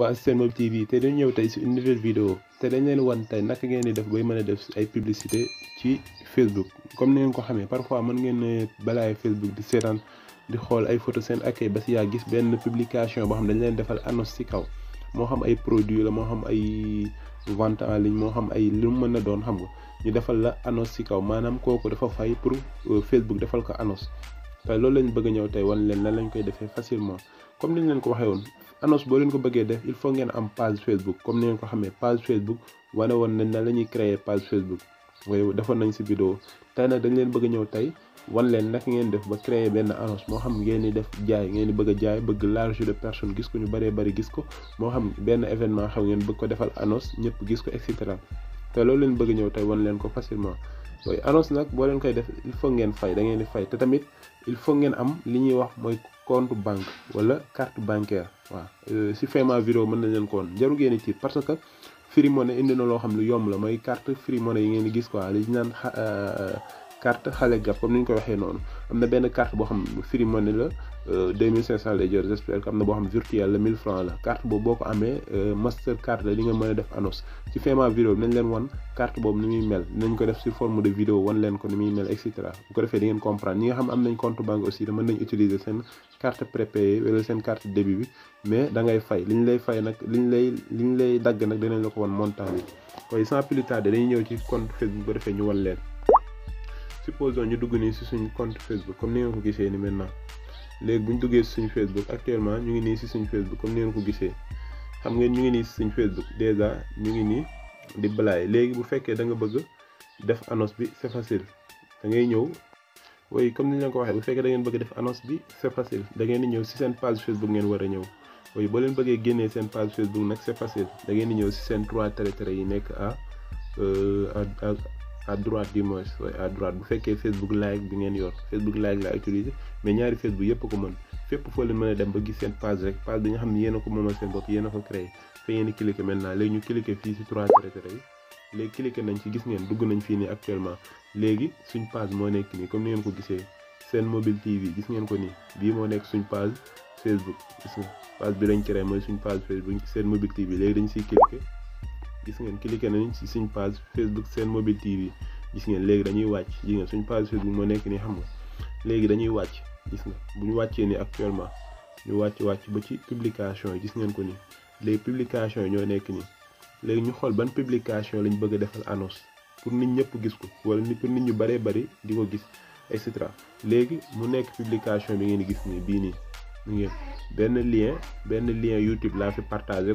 waa Sen Mobi TV te dañu ñëw tey si une nouvelle vidéo te dañ leen wan tey naka ngeen di def bay mën a def ay publicité ci Facebook comme ni ngeen ko xamee parfois mën ngeen balaay Facebook di seetaan di xool ay photo seen ak ba si yaa gis benn publication boo xam dañ leen defal annonce ci kaw moo xam ay produit la moo xam ay vente en ligne moo xam ay lu mën a doon xam nga ñu defal la annonce ci kaw maanaam kooku dafa fay pour euh, Facebook defal ko annonce te loolu lañ bëgg ñëw tey wan leen lan lañ koy defee facilement comme ni leen ko waxee woon annonce boo leen ko bëggee def il faut ngeen am page Facebook comme ni ngeen ko xamee page Facebook wane woon nañ na la ñuy créer page Facebook waaye defoon nañ si vidéo tey nag dañ leen bëgg ñëw tey wan leen naka ngeen def ba créer benn annonce moo xam ngeen di def jaay ngeen di bëgg a jaay bëgg large de personnes gis ko ñu bëree bëri gis ko moo xam benn événement xew ngeen bëgg ko defal annonce ñëpp gis ko et cetera te loolu leen bëgg ñëw tey wan leen ko facilement. waaye annonce nag boo leen koy def il faut ngeen fay da ngeen di fay te tamit il faut am li ñuy wax mooy compte banque wala carte bancaire waaw euh, si paiement vidéo mën nañ leen koon woon jaru ngeen ci parce que Free Money indi na loo xam lu yomb la mooy carte Free Money yi ngeen di gis quoi li ñu naan euh, carte xale gab comme ni ñu ko waxee noonu am na benn carte boo xam free money la 2500 euh, lay jël j'espère que am na boo xam virtuel la 1000 francs la carte boobu boo ko amee euh, master card la li mën a def annonce ci Fema vidéo bi nañ leen wan carte boobu ni muy mel nañ ko def sur forme de vidéo wan leen ko defee di ngeen comprendre nga xam am nañ compte banque aussi mën nañ utiliser seen carte prépayée wala seen carte débit bi mais da fay li lay fay nag supposons ñu dugg nii si suñ compte Facebook comme ni ngeen ko gisee ni maintenant léegi bu ñu duggee si suñ Facebook actuellement ñu ngi nii si suñ Facebook comme ni ngeen ko gisee xam ngeen ñu ngi nii si suñ Facebook déjà ñu ngi nii di balaay léegi bu fekkee da nga bëgg def annonce bi c'est facile da ngay ñëw oui comme ni ñu ko waxee bu da ngeen bëgg def annonce bi c'est facile da ngeen ñëw si seen page Facebook ngeen war a ñëw oui boo leen bëggee génnee seen page Facebook nag c'est facile da ngeen di ñëw si seen trois traits yi nekk à euh, à. à droit du moins oui à droite bu fekkee Facebook live bi ngeen yor Facebook live laa utiliser mais ñaari Facebook yëpp ko mën fépp foo leen mën a dem ba gis seen page rek page bi nga xam ne yéen a ko moomal seen bopp yéen a ko créé fa ngeen di cliquer maintenant léegi ñu cliquer fii si trois traiteurs yi léegi cliquer nañ ci gis ngeen dugg nañ fii nii actuellement léegi suñ page moo nekk nii comme ni ngeen ko gisee seen mobile TV gis ngeen ko nii bii moo nekk suñ page Facebook gis mooy suñ page seen mobile TV léegi dañ siy cliquer. gis ngeen cliqué nañ ci suñ page Facebook seen mobile TV gis ngeen léegi dañuy wàcc gis ngeen suñ page Facebook moo nekk nii xam nga léegi dañuy wàcc gis nga bu ñu wàccee ni actuellement ñu wàcc wàcc ba ci publication yi gis ngeen ko ni léegi publication yi ñoo nekk nii léegi ñu xool ban publication lañ bëgg a defal annonce pour nit ñëpp gis ko wala ni pour nit ñu bëree bëri di ko gis et cetera léegi mu nekk publication bi ngeen gis ni bii nii ngeen benn lien benn lien YouTube laa fi partagé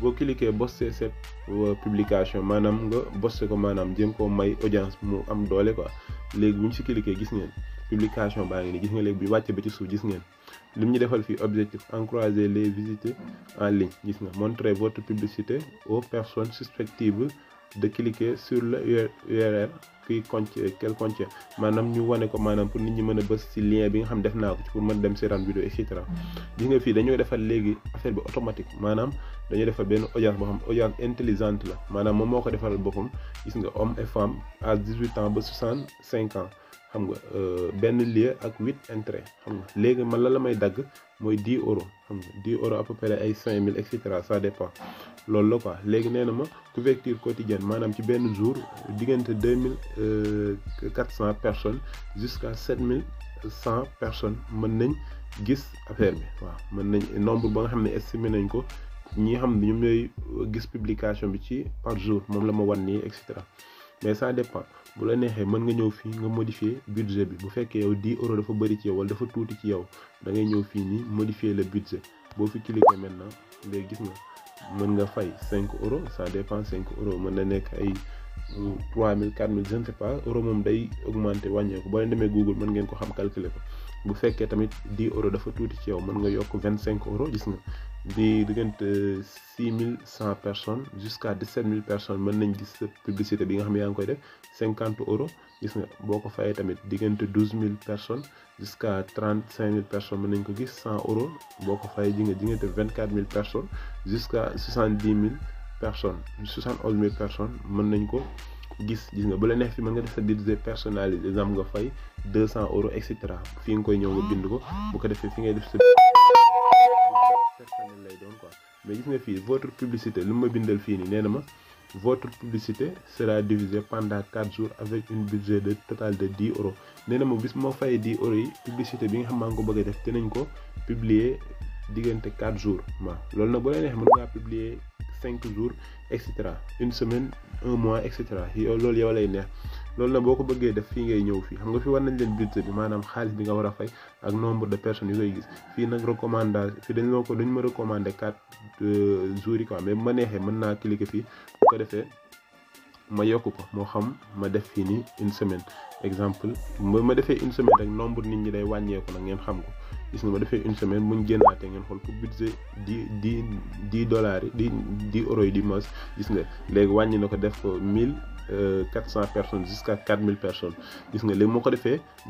boo cliquer bosse cette publication manam nga bossé ko manam jëm ko may audience mu am doole quoi légui bu ñu si cliquer gis ngeen publication ba ngi gis nga légui bi ñu ba ci suuf gis ngeen lim ñi defal fi objectif encourager les visiteurs en ligne gis nga montrer votre publicité aux personnes susceptibles de cliquer sur le URL qui contient qu'elle contient ñu ko pour nit ñi lien bi nga pour vidéo et cetera gis nga defal légui affaire bi automatique manam dañoy Ben, intelligente la homme et femme à 18 ans 65 ans xam nga euh, benn lieu ak huit entrées xam nga léegi man la la may dagg mooy dix euros xam nga dix euros à peu près ay cinq mille et cetera ça dépend loolu la quoi léegi nee na ma couverture quotidienne maanaam ci benn jour diggante deux mille euh, quatre cent personnes jusqu'à sept mille cent personnes mën nañ gis affaire bi waaw mën nañ nombre ba nga xam ne estimé nañ ko ñi xam ne ñoom ñooy gis publication bi ci par jour moom la ma wan nii et cetera mais ça dépend bu la neexee mën nga ñëw fii nga modifier budget bi bu fekkee yow 10 euros dafa bëri ci yow wala dafa tuuti ci yow dangay ñëw fii nii modifier le budget boo fi cliquer maintenant léegi gis nga mën nga fay 5 euros ça dépend 5 euros mën na nekk ay 3000 4000 je ne sais pas euro moom day augmenter wàññeeku boo leen demee Google mën ngeen ko xam calculer ko bu fekkee tamit di euros dafa tuuti ci yow mën nga yokk 25 euros gis nga. di diggante six mille cent personnes jusqu'à dix-sept mille personnes mën nañ gis publicité bi nga xam ne yaa ngi koy def cinquante euros gis nga boo ko fayee tamit diggante douze mille personnes jusqu'à trente-cinq mille personnes mën nañ ko gis cent euros boo ko fayee ji vingt-quatre mille personnes jusqu'à soixante-dix mille personnes soixante-onze mille personnes mën nañ ko gis gis nga bu la neex fi mën nga def sa budget personnalisé exemple nga fay deux cent euros et cetera fii nga koy ñëw nga bind ko bu ko defee fi ngay def sa personnel lay doon quoi mais gis nga fii votre publicité lu ma bindal fii nii nee na ma votre publicité sera divisée pendant quatre jours avec une budget de total de 10 euros nee na ma bis moo fay 10 euros yi publicité bi nga xam maa ngi ko bëgg a def dinañ ko publier diggante 4 jours ma loolu nag bu la neexee mën ngaa publier 5 jours et cetera une semaine un mois et cetera yow loolu yow lay neex. loolu nag boo ko bëggee def fii ngay ñëw fii xam nga fi war nañ leen budget bi maanaam xaalis bi nga war a fay ak nombre de personnes yu ngay gis fii nag recommandation fii dañ ma ko dañ ma recommandé quatre euh, jours yi quoi mais ma neexee mën naa cliquer fii bu ko defee ma yokk ko moo xam ma def fii nii une semaine exemple ma ma defee une semaine rek nombre nit ñi day wàññeeku nag ngeen xam ko gis nga ma defee une semaine muñ génnaatee ngeen xool pour budget di di dix dollars yi di dix di mas gis nga léegi wàññi na ko def mille 400 euh, personnes jusqu'à 4000 personnes gis nga légui moko ko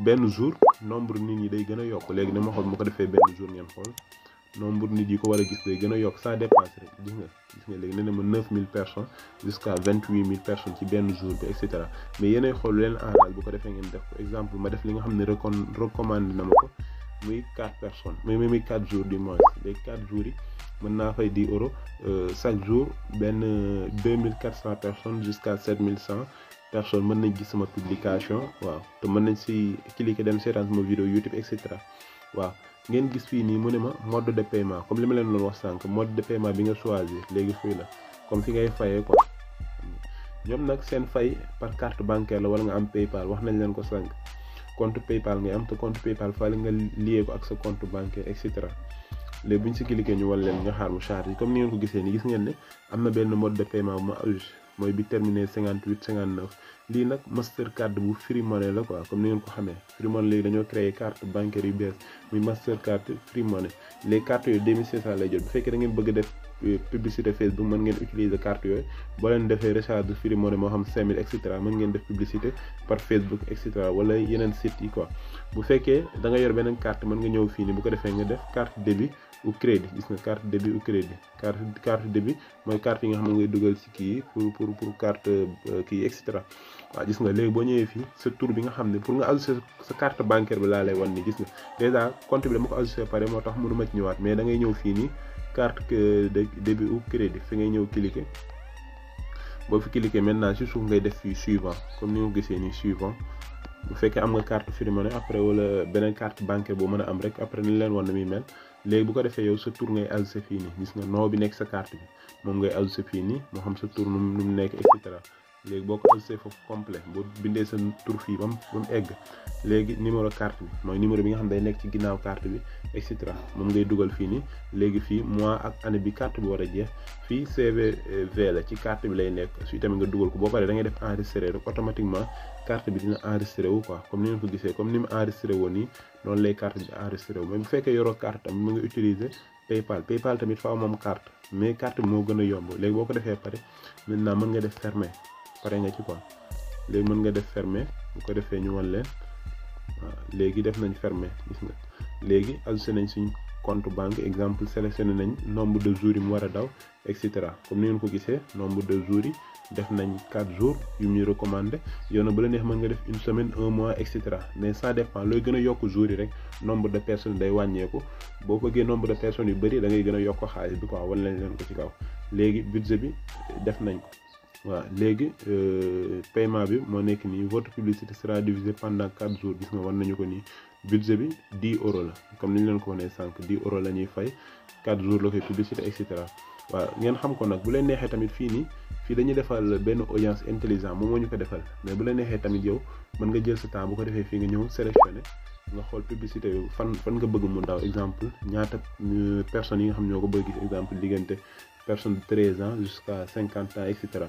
ben jour nombre nit ñi day gëna yok légui néma xol moko moo ben jour ñen xol nombre nit yi ko war a gis day gëna yok ça dépasse rek gis nga gis nga légui néma 9000 personnes jusqu'à 28000 personnes ci ben jour bi etc. cetera mais yéenay xool leen en bu ko defee ngeen def ko exemple ma def li nga xam ne namako muy quatre personnes mais mais muy quatre jours du mois les quatre jours yi mën naa fay di euros euh, chaque jour benn euh, deux mille quatre cent personnes jusqu'à sept mille cent personnes mën nañ gis sama publication waaw te mën nañ si cliquer dem seetaan sama vidéo YouTube et cetera waaw ngeen gis fii nii mu ne ma mode de paiement comme li ma leen doon wax sànq mode de paiement bi nga choisir léegi fii la comme fi ngay fayee ko ñoom nag seen fay par carte bancaire la wala nga am PayPal wax nañ leen ko sànq. compte paypal ngay am te compte paypal faale nga lié ko ak sa compte bancaire et léegi bu ñu si cliqué ñu wal leen nga xaar mu charge yi comme ni ngeen ko gisee ni gis ngeen ne am na benn mode de bu ma use mooy bi terminé 58 59 lii nag mastercard bu free money la quoi comme ni ngeen ko xamee free money léegi dañoo créé carte bancaire yu bees muy mastercard free money les cartes yooyu 2500 lay jot bu fekkee da ngeen bëgg def Euh, publicité Facebook mën ngeen utiliser carte yooyu boo leen defee recharge de Free Money moo xam 5000 et cetera mën ngeen def publicité par Facebook et cetera wala yeneen site yi quoi bu fekkee da nga yor beneen carte mën nga ñëw fii ni bu ko defee nga def carte débit ou crédit gis nga carte débit ou crédit carte dugal ci kii yi pour pour pour carte euh, kii et cetera waaw gis nga léegi boo ñëwee fii sa tour bi nga xam ne pour nga ajouté sa carte bancaire bi laa lay wan ni gis nga dèjà compte bi dama ko ajouté pare moo tax mënu ma ci ñëwaat mais da ngay ñëw fii nii carte débit ou crédit fi ngay ñëw cliquer boo fi cliquer maintenant si suuf ngay def fii suivant comme ni nga gisee nii suivant bu fekkee am nga carte Free Money après wala beneen carte bancaire boo mën a am rek après ni leen war na muy mel léegi bu ko defee yow sa tur ngay ajouté fii nii gis nga noo bi nekk sa carte bi moom ngay ajouté fii nii moo xam sa tur nu mu nekk et léegi boo ko ajusté foofu complet boo bindee sa tur fii ba mu ba mu egg léegi numéro carte bi mooy numéro bi nga xam ne day nekk ci ginnaaw carte bi et moom ngay dugal fii nii léegi fii mois ak année bi carte bi war a jeex fii CVV euh, la ci carte bi lay nekk su tamit nga dugal ko boo paree da ngay def enregistré rek automatiquement carte bi dina enregistré wu quoi comme ni ngeen ko gisee comme ni mu enregistré woon nii noonu lay carte bi enregistré wu mais bu fekkee yoroo carte tam tamit faaw moom carte mais carte bi moo gën a yomb léegi boo ko defee pare maintenant mën nga def fermer. pare nga ci quoi léegi mën nga def fermer mu ko defee ñu wan leen waaw léegi def nañ fermer gis nga léegi ajouté nañ suñ compte banque exemple sélectionné nañ nombre de jours yi mu war a daw et cetera comme ni ngeen ko gisee nombre de jours yi def nañ quatre jours yu muy recommandé yow na ba la neex mën nga def une semaine un mois et cetera mais ça dépend looy gën yokk jours yi rek nombre de personnes day wàññeeku boo bëggee nombre de personnes yu bëri da ngay gën yokk xaalis bi quoi wan lañ leen ko kaw léegi budget bi def nañ ko. voilà les euh, paiement bi votre publicité sera divisée pendant 4 jours gis nga war nañu ko budget bi 10 euros comme nous le leen c'est 10 euros la ñuy fay 4 jours de publicité etc. cetera waaw ngeen xam ko nous bu leen neexee tamit fii nii dañuy audience intelligent moom moo ñu ko defal mais bu leen neexee tamit yow mën nga jël sa temps bu ko defee fii nga ñëw sélectionné nga xool publicité bi fan fan nga bëgg exemple ñaata euh, personnes yi nga xam Par gis exemple personne 13 ans jusqu'à 50 ans etc.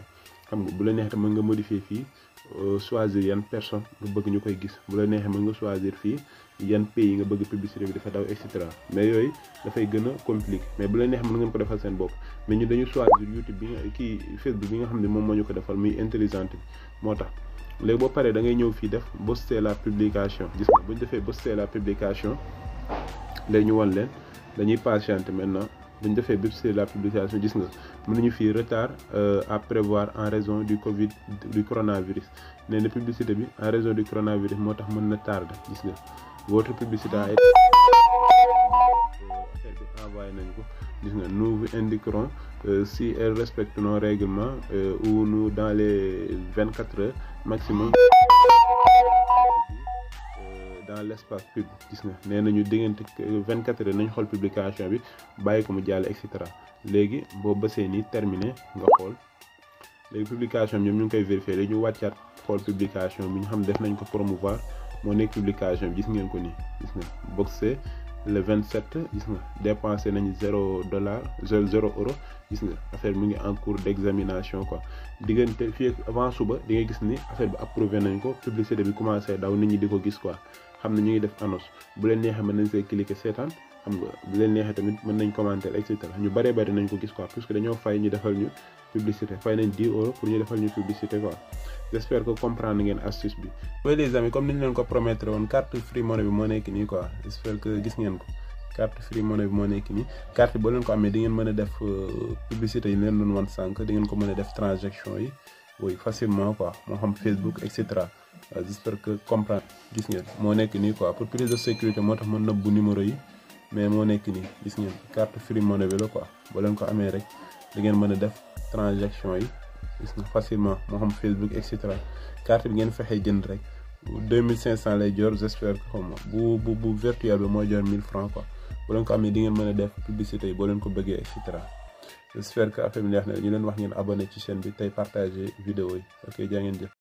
xam nga bu la neexee mën nga modifier fii euh, choisir yan personne nga bëgg ñu koy gis bu la neexee mën nga choisir fii yan pays yi nga bëgg publicité bi dafa daw et cetera mais yooyu dafay gën a compliqué mais bu la neexee mën ngeen ko defal seen bopp mais ñu dañu choisir YouTube bi nga kii Facebook bi nga xam ne moom moo ñu ko defal muy intelligente bi moo tax léegi boo paree da ngay ñëw fii def booster la publication gis nga bu ñu defee booster la publication léegi ñu wan leen dañuy patienter maintenant. de fait c'est la publication gis nga nous retard euh, à prévoir en raison du Covid du coronavirus Mais la publicité en raison du coronavirus moo tax tard retard votre publicité a nous indiquerons euh, si elle respecte nos règlements euh, ou nous dans les 24 heures maximum dans l'espace public gis nga nañu 24 heures publication bi bàyyi ko mu jàll terminé nga xool léegi publication bi ñu ngi vérifier ñu publication bi ñu xam def publication gis le 27 gis nga dépensé dollar euro gis affaire en cours d'examination quoi avant suba affaire bi approuvé nañ ko bi commencé quoi xam ne ñu ngi def annonce bu leen neexee mën nañ fay cliquer seetaan xam nga bu leen neexee tamit mën nañ commenter et cetera ñu bare bëri nañ ko gis quoi puisque dañoo fay ñu defal ñu publicité fay nañ 10 euros pour ñu defal ñu publicité comme ni ñu leen ko promettre woon carte free money bi moo nekk nii quoi j'espère que gis ngeen ko bi moo leen ko amee di ngeen mën a def euh, publicité yi leen doon wan sànq di ngeen ko mën a def transaction yi oui facilement quoi moo xam Facebook et Euh, j'espère que comprendre gis ngeen moo nekk nii quoi pour plus de sécurité moo tax ma bu numéro yi mais moo nekk nii gis ngeen carte Free Money bi la quoi boo ko amee rek da ngeen mën a def transaction yi gis nga facilement moo xam Facebook et cetera carte bi ngeen fexe jënd rek 2500 lay jor j'espère que xaw ma bu bu bu virtuel bi mooy jor 1000 francs quoi boo ko amee di ngeen mën a def publicité yi boo leen ko bëggee et cetera j'espère que affaire bi neex na ñu leen wax ngeen abonné ci bi tey partager vidéo yi ok jaa ngeen jëf